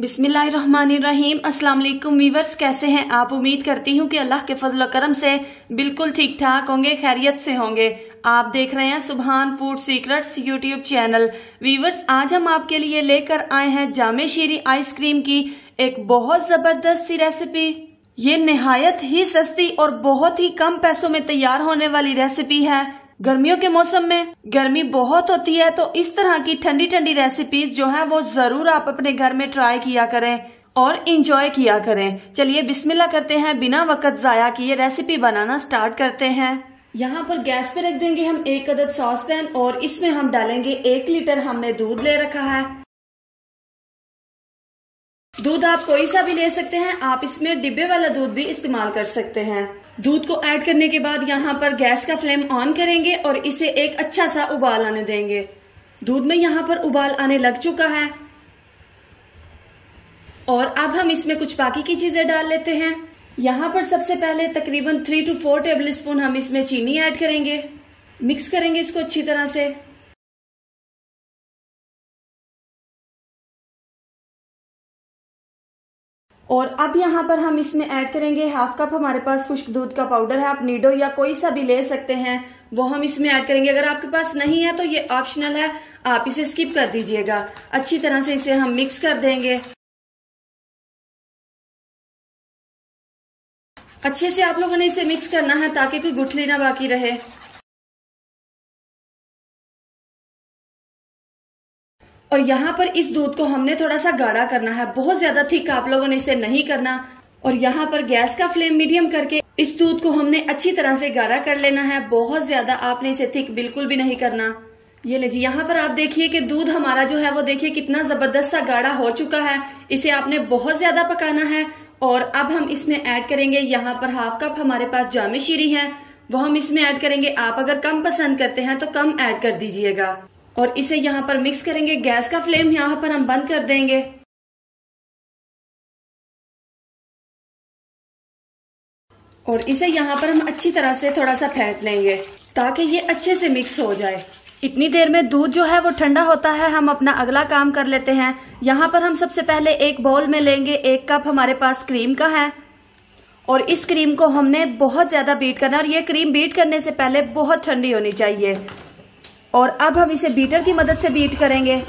बिस्मिल्लाहिर्रहमानिर्रहीम अस्सलाम वालेकुम वीवर्स कैसे हैं आप उम्मीद करती हूँ कि अल्लाह के फजल करम से बिल्कुल ठीक ठाक होंगे खैरियत से होंगे आप देख रहे हैं Subhan food secrets YouTube channel viewers आज हम आपके लिए लेकर आए हैं जामे शीरी आइसक्रीम की एक बहुत ज़बरदस्त सी रेसिपी ये नहायत ही सस्ती और बहुत ही कम पैसों में तैयार होने वाली रेसिपी है गर्मियों के मौसम में गर्मी बहुत होती है तो इस तरह की ठंडी ठंडी रेसिपीज जो है वो जरूर आप अपने घर में ट्राई किया करें और इंजॉय किया करें चलिए बिस्मिल्लाह करते हैं बिना वक्त जाया किए रेसिपी बनाना स्टार्ट करते हैं यहाँ पर गैस पे रख देंगे हम एक अदद सॉस पैन और इसमें हम डालेंगे एक लीटर हमने दूध ले रखा है दूध आप कोई सा भी ले सकते हैं आप इसमें डिब्बे वाला दूध भी इस्तेमाल कर सकते हैं दूध को ऐड करने के बाद यहाँ पर गैस का फ्लेम ऑन करेंगे और इसे एक अच्छा सा उबाल आने देंगे दूध में यहाँ पर उबाल आने लग चुका है और अब हम इसमें कुछ बाकी की चीजें डाल लेते हैं यहाँ पर सबसे पहले तकरीबन three to four tablespoon हम इसमें चीनी ऐड करेंगे मिक्स करेंगे इसको अच्छी तरह से और अब यहाँ पर हम इसमें ऐड करेंगे हाफ कप हमारे पास खुश्क दूध का पाउडर है आप नीडो या कोई सा भी ले सकते हैं वो हम इसमें ऐड करेंगे अगर आपके पास नहीं है तो ये ऑप्शनल है आप इसे स्किप कर दीजिएगा अच्छी तरह से इसे हम मिक्स कर देंगे अच्छे से आप लोगों ने इसे मिक्स करना है ताकि कोई गुठली ना बाकी रहे और यहाँ पर इस दूध को हमने थोड़ा सा गाढ़ा करना है बहुत ज्यादा थिक आप लोगों ने इसे नहीं करना और यहाँ पर गैस का फ्लेम मीडियम करके इस दूध को हमने अच्छी तरह से गाढ़ा कर लेना है बहुत ज्यादा आपने इसे थिक बिल्कुल भी नहीं करना ये लीजिए यहाँ पर आप देखिए कि दूध हमारा जो है वो देखिए कितना जबरदस्त सा गाढ़ा हो चुका है इसे आपने बहुत ज्यादा पकाना है और अब हम इसमें ऐड करेंगे यहाँ पर हाफ कप हमारे पास जामे शीरी है वो हम इसमें ऐड करेंगे आप अगर कम पसंद करते हैं तो कम ऐड कर दीजिएगा और इसे यहाँ पर मिक्स करेंगे गैस का फ्लेम यहाँ पर हम बंद कर देंगे और इसे यहाँ पर हम अच्छी तरह से थोड़ा सा फेंट लेंगे ताकि ये अच्छे से मिक्स हो जाए इतनी देर में दूध जो है वो ठंडा होता है हम अपना अगला काम कर लेते हैं यहाँ पर हम सबसे पहले एक बाउल में लेंगे एक कप हमारे पास क्रीम का है और इस क्रीम को हमने बहुत ज़्यादा बीट करना और ये क्रीम बीट करने से पहले बहुत ठंडी होनी चाहिए और अब हम इसे बीटर की मदद से बीट करेंगे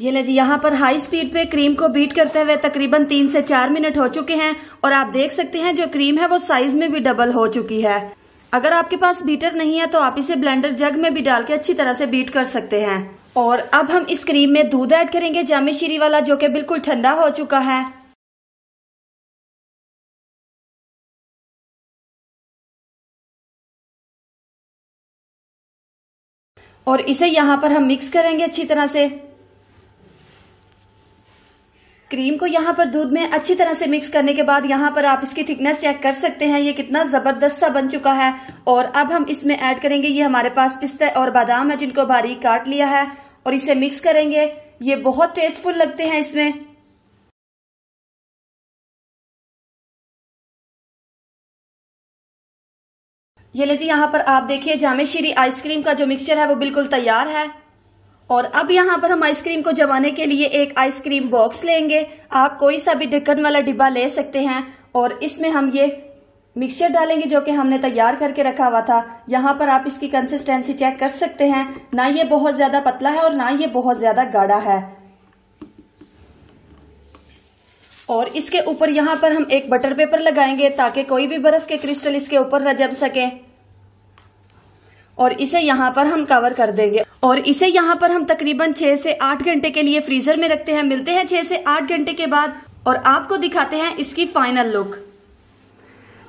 ये ले जी यहाँ पर हाई स्पीड पे क्रीम को बीट करते हुए तकरीबन तीन से चार मिनट हो चुके हैं और आप देख सकते हैं जो क्रीम है वो साइज में भी डबल हो चुकी है अगर आपके पास बीटर नहीं है तो आप इसे ब्लेंडर जग में भी डाल के अच्छी तरह से बीट कर सकते हैं और अब हम इस क्रीम में दूध ऐड करेंगे जामे वाला जो कि बिल्कुल ठंडा हो चुका है और इसे यहाँ पर हम मिक्स करेंगे अच्छी तरह से क्रीम को यहाँ पर दूध में अच्छी तरह से मिक्स करने के बाद यहाँ पर आप इसकी थिकनेस चेक कर सकते हैं ये कितना जबरदस्त सा बन चुका है और अब हम इसमें ऐड करेंगे ये हमारे पास पिस्ते और बादाम है जिनको बारीक काट लिया है और इसे मिक्स करेंगे ये बहुत टेस्टफुल लगते हैं इसमें ये ले जी यहाँ पर आप देखिए जामे आइसक्रीम का जो मिक्सचर है वो बिल्कुल तैयार है और अब यहाँ पर हम आइसक्रीम को जमाने के लिए एक आइसक्रीम बॉक्स लेंगे आप कोई सा भी ढक्कन वाला डिब्बा ले सकते हैं और इसमें हम ये मिक्सचर डालेंगे जो कि हमने तैयार करके रखा हुआ था यहाँ पर आप इसकी कंसिस्टेंसी चेक कर सकते हैं ना ये बहुत ज़्यादा पतला है और ना ये बहुत ज़्यादा गाढ़ा है और इसके ऊपर यहाँ पर हम एक बटर पेपर लगाएंगे ताकि कोई भी बर्फ के क्रिस्टल इसके ऊपर न जम सके और इसे यहाँ पर हम कवर कर देंगे और इसे यहाँ पर हम तकरीबन छह से आठ घंटे के लिए फ्रीजर में रखते हैं मिलते हैं छह से आठ घंटे के बाद और आपको दिखाते हैं इसकी फाइनल लुक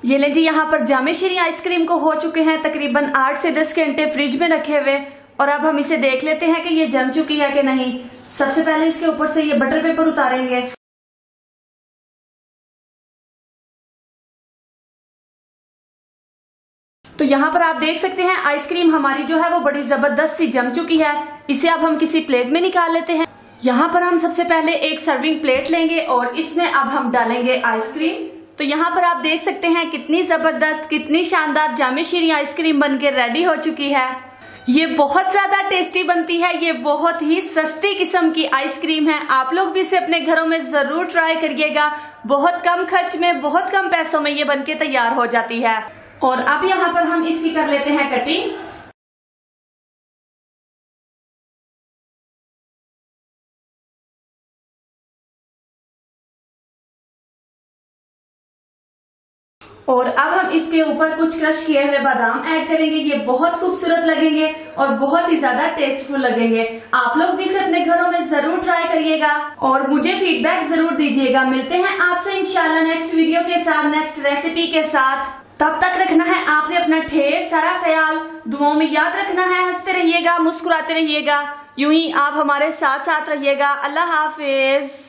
ये ले जी यहाँ पर जामे श्री आइसक्रीम को हो चुके हैं तकरीबन आठ से दस घंटे फ्रिज में रखे हुए और अब हम इसे देख लेते हैं कि ये जम चुकी है कि नहीं सबसे पहले इसके ऊपर से ये बटर पेपर उतारेंगे तो यहाँ पर आप देख सकते हैं आइसक्रीम हमारी जो है वो बड़ी जबरदस्त सी जम चुकी है इसे अब हम किसी प्लेट में निकाल लेते हैं यहाँ पर हम सबसे पहले एक सर्विंग प्लेट लेंगे और इसमें अब हम डालेंगे आइसक्रीम तो यहाँ पर आप देख सकते हैं कितनी जबरदस्त कितनी शानदार जामे शीरी आइसक्रीम बनके रेडी हो चुकी है ये बहुत ज्यादा टेस्टी बनती है ये बहुत ही सस्ती किस्म की आइसक्रीम है आप लोग भी इसे अपने घरों में जरूर ट्राई करिएगा बहुत कम खर्च में बहुत कम पैसों में ये बनके तैयार हो जाती है और अब यहां पर हम इसकी कर लेते हैं कटिंग और अब हम इसके ऊपर कुछ क्रश किए हुए बादाम ऐड करेंगे ये बहुत खूबसूरत लगेंगे और बहुत ही ज्यादा टेस्टफुल लगेंगे आप लोग भी इसे अपने घरों में जरूर ट्राई करिएगा और मुझे फीडबैक जरूर दीजिएगा मिलते हैं आपसे इंशाल्लाह नेक्स्ट वीडियो के साथ नेक्स्ट रेसिपी के साथ तब तक रखना है आपने अपना ढेर सारा ख्याल दुआओं में याद रखना है हंसते रहिएगा मुस्कुराते रहिएगा यूं ही आप हमारे साथ साथ रहिएगा अल्लाह हाफिज